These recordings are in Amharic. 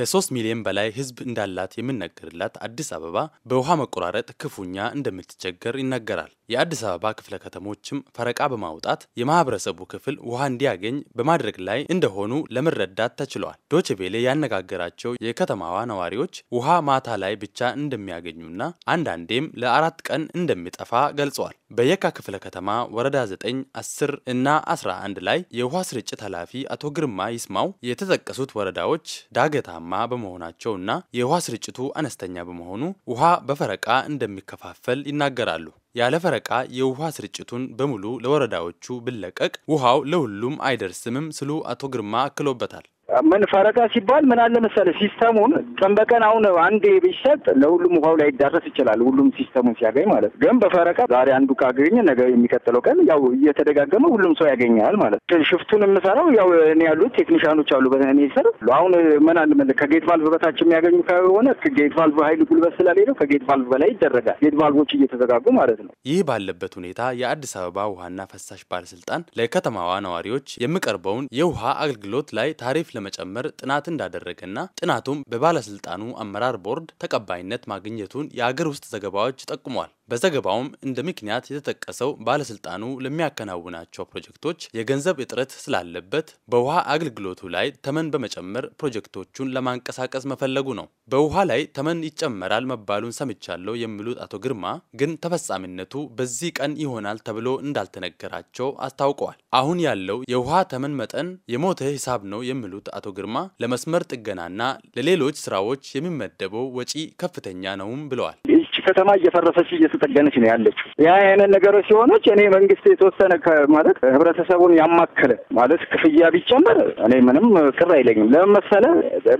ከ3 ሚሊዮን በላይ ህዝብ እንዳላት የምነገርላት አዲስ አበባ በውሃ መቆራረጥ ክፉኛ እንደምትቸገር ይነገራል። የአዲስ አበባ ክፍለ ከተሞችም ፈረቃ በማውጣት የማህበረሰቡ ክፍል ውሃ እንዲያገኝ በማድረግ ላይ እንደሆኑ ለመረዳት ተችሏል። ዶቼ ቬሌ ያነጋገራቸው የከተማዋ ነዋሪዎች ውሃ ማታ ላይ ብቻ እንደሚያገኙና አንዳንዴም ለአራት ቀን እንደሚጠፋ ገልጸዋል። በየካ ክፍለ ከተማ ወረዳ 9፣ 10 እና 11 ላይ የውሃ ስርጭት ኃላፊ አቶ ግርማ ይስማው የተጠቀሱት ወረዳዎች ዳገታማ በመሆናቸው እና የውሃ ስርጭቱ አነስተኛ በመሆኑ ውሃ በፈረቃ እንደሚከፋፈል ይናገራሉ። ያለ ፈረቃ የውሃ ስርጭቱን በሙሉ ለወረዳዎቹ ብለቀቅ ውሃው ለሁሉም አይደርስምም ስሉ አቶ ግርማ አክሎበታል። ምን ፈረቃ ሲባል ምን አለ መሰለ ሲስተሙን ቀን በቀን አሁን አንዴ ቢሰጥ ለሁሉም ውሃው ላይ ይዳረስ ይችላል። ሁሉም ሲስተሙን ሲያገኝ ማለት ግን በፈረቃ ዛሬ አንዱ ካገኘ ነገ የሚቀጥለው ቀን ያው እየተደጋገመ ሁሉም ሰው ያገኛል ማለት ሽፍቱን የምሰራው ያው እኔ ያሉት ቴክኒሻኖች አሉ በእኔ ስር አሁን ምን አለ መለ ከጌት ቫልቭ በታች የሚያገኙ ከሆነ ከጌት ቫልቭ ኃይል ጉልበት ስላሌለው ከጌት ቫልቭ በላይ ይደረጋል። ጌት ቫልቮች እየተዘጋጉ ማለት ነው። ይህ ባለበት ሁኔታ የአዲስ አበባ ውሃና ፈሳሽ ባለስልጣን ለከተማዋ ነዋሪዎች የሚቀርበውን የውሃ አገልግሎት ላይ ታሪፍ ለመጨመር ጥናት እንዳደረገና ጥናቱም በባለስልጣኑ አመራር ቦርድ ተቀባይነት ማግኘቱን የአገር ውስጥ ዘገባዎች ጠቁመዋል። በዘገባውም እንደ ምክንያት የተጠቀሰው ባለስልጣኑ ለሚያከናውናቸው ፕሮጀክቶች የገንዘብ እጥረት ስላለበት በውሃ አገልግሎቱ ላይ ተመን በመጨመር ፕሮጀክቶቹን ለማንቀሳቀስ መፈለጉ ነው። በውሃ ላይ ተመን ይጨመራል መባሉን ሰምቻለሁ የሚሉት አቶ ግርማ ግን ተፈጻሚነቱ በዚህ ቀን ይሆናል ተብሎ እንዳልተነገራቸው አስታውቀዋል። አሁን ያለው የውሃ ተመን መጠን የሞተ ሂሳብ ነው የሚሉት አቶ ግርማ ለመስመር ጥገናና ለሌሎች ስራዎች የሚመደበው ወጪ ከፍተኛ ነውም ብለዋል። ከተማ እየፈረሰች እየተጠገነች ነው ያለችው። ያ አይነት ነገሮች ሲሆኖች እኔ መንግስት የተወሰነ ማለት ህብረተሰቡን ያማከለ ማለት ክፍያ ቢጨመር እኔ ምንም ቅር አይለኝም። ለምን መሰለህ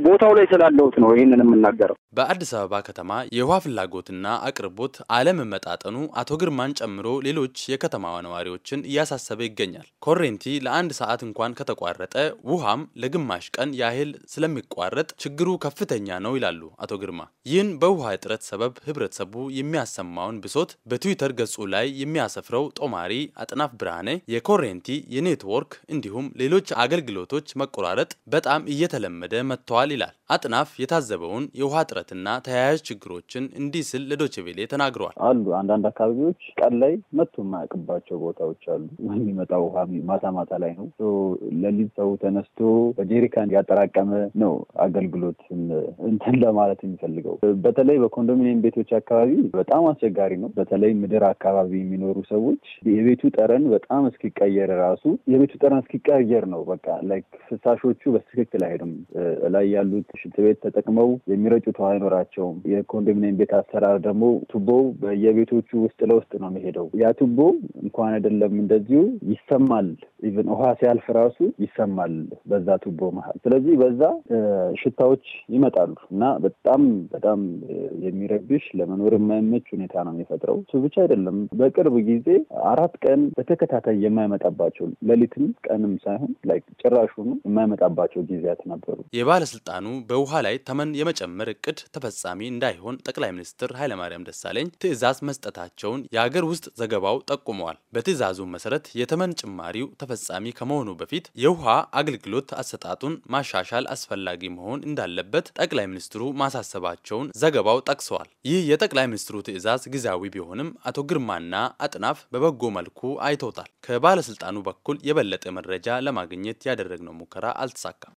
ቦታው ላይ ስላለሁት ነው ይህንን የምናገረው። በአዲስ አበባ ከተማ የውሃ ፍላጎትና አቅርቦት አለመመጣጠኑ አቶ ግርማን ጨምሮ ሌሎች የከተማዋ ነዋሪዎችን እያሳሰበ ይገኛል። ኮሬንቲ ለአንድ ሰዓት እንኳን ከተቋረጠ ውሃም ለግማሽ ቀን ያህል ስለሚቋረጥ ችግሩ ከፍተኛ ነው ይላሉ አቶ ግርማ። ይህን በውሃ እጥረት ሰበብ ህብረተሰቡ ማህበረሰቡ የሚያሰማውን ብሶት በትዊተር ገጹ ላይ የሚያሰፍረው ጦማሪ አጥናፍ ብርሃኔ የኮሬንቲ የኔትወርክ እንዲሁም ሌሎች አገልግሎቶች መቆራረጥ በጣም እየተለመደ መጥተዋል ይላል። አጥናፍ የታዘበውን የውሃ እጥረትና ተያያዥ ችግሮችን እንዲህ ስል ለዶችቬሌ ተናግረዋል። አሉ አንዳንድ አካባቢዎች ቀን ላይ መቶ የማያውቅባቸው ቦታዎች አሉ። የሚመጣው ውሃ ማታ ማታ ላይ ነው። ለሊት ሰው ተነስቶ በጄሪካን ያጠራቀመ ነው አገልግሎት እንትን ለማለት የሚፈልገው በተለይ በኮንዶሚኒየም ቤቶች አካባቢ አካባቢ በጣም አስቸጋሪ ነው። በተለይ ምድር አካባቢ የሚኖሩ ሰዎች የቤቱ ጠረን በጣም እስኪቀየር ራሱ የቤቱ ጠረን እስኪቀየር ነው በቃ ላይክ ፍሳሾቹ በትክክል አይሄዱም። ላይ ያሉት ሽንት ቤት ተጠቅመው የሚረጩት ውሃ አይኖራቸውም። የኮንዶሚኒየም ቤት አሰራር ደግሞ ቱቦ በየቤቶቹ ውስጥ ለውስጥ ነው የሚሄደው። ያ ቱቦ እንኳን አይደለም እንደዚሁ ይሰማል። ኢቨን ውሃ ሲያልፍ ራሱ ይሰማል በዛ ቱቦ መሀል። ስለዚህ በዛ ሽታዎች ይመጣሉ እና በጣም በጣም የሚረብሽ ለመኖር ለመኖር የማይመች ሁኔታ ነው የሚፈጥረው። እሱ ብቻ አይደለም። በቅርብ ጊዜ አራት ቀን በተከታታይ የማይመጣባቸው ሌሊትም ቀንም ሳይሆን ላይ ጭራሹኑ የማይመጣባቸው ጊዜያት ነበሩ። የባለስልጣኑ በውሃ ላይ ተመን የመጨመር እቅድ ተፈጻሚ እንዳይሆን ጠቅላይ ሚኒስትር ኃይለማርያም ደሳለኝ ትዕዛዝ መስጠታቸውን የአገር ውስጥ ዘገባው ጠቁመዋል። በትዕዛዙ መሰረት የተመን ጭማሪው ተፈጻሚ ከመሆኑ በፊት የውሃ አገልግሎት አሰጣጡን ማሻሻል አስፈላጊ መሆን እንዳለበት ጠቅላይ ሚኒስትሩ ማሳሰባቸውን ዘገባው ጠቅሰዋል። ይህ የጠቅላይ የጠቅላይ ሚኒስትሩ ትዕዛዝ ጊዜያዊ ቢሆንም አቶ ግርማና አጥናፍ በበጎ መልኩ አይተውታል። ከባለስልጣኑ በኩል የበለጠ መረጃ ለማግኘት ያደረግነው ሙከራ አልተሳካም።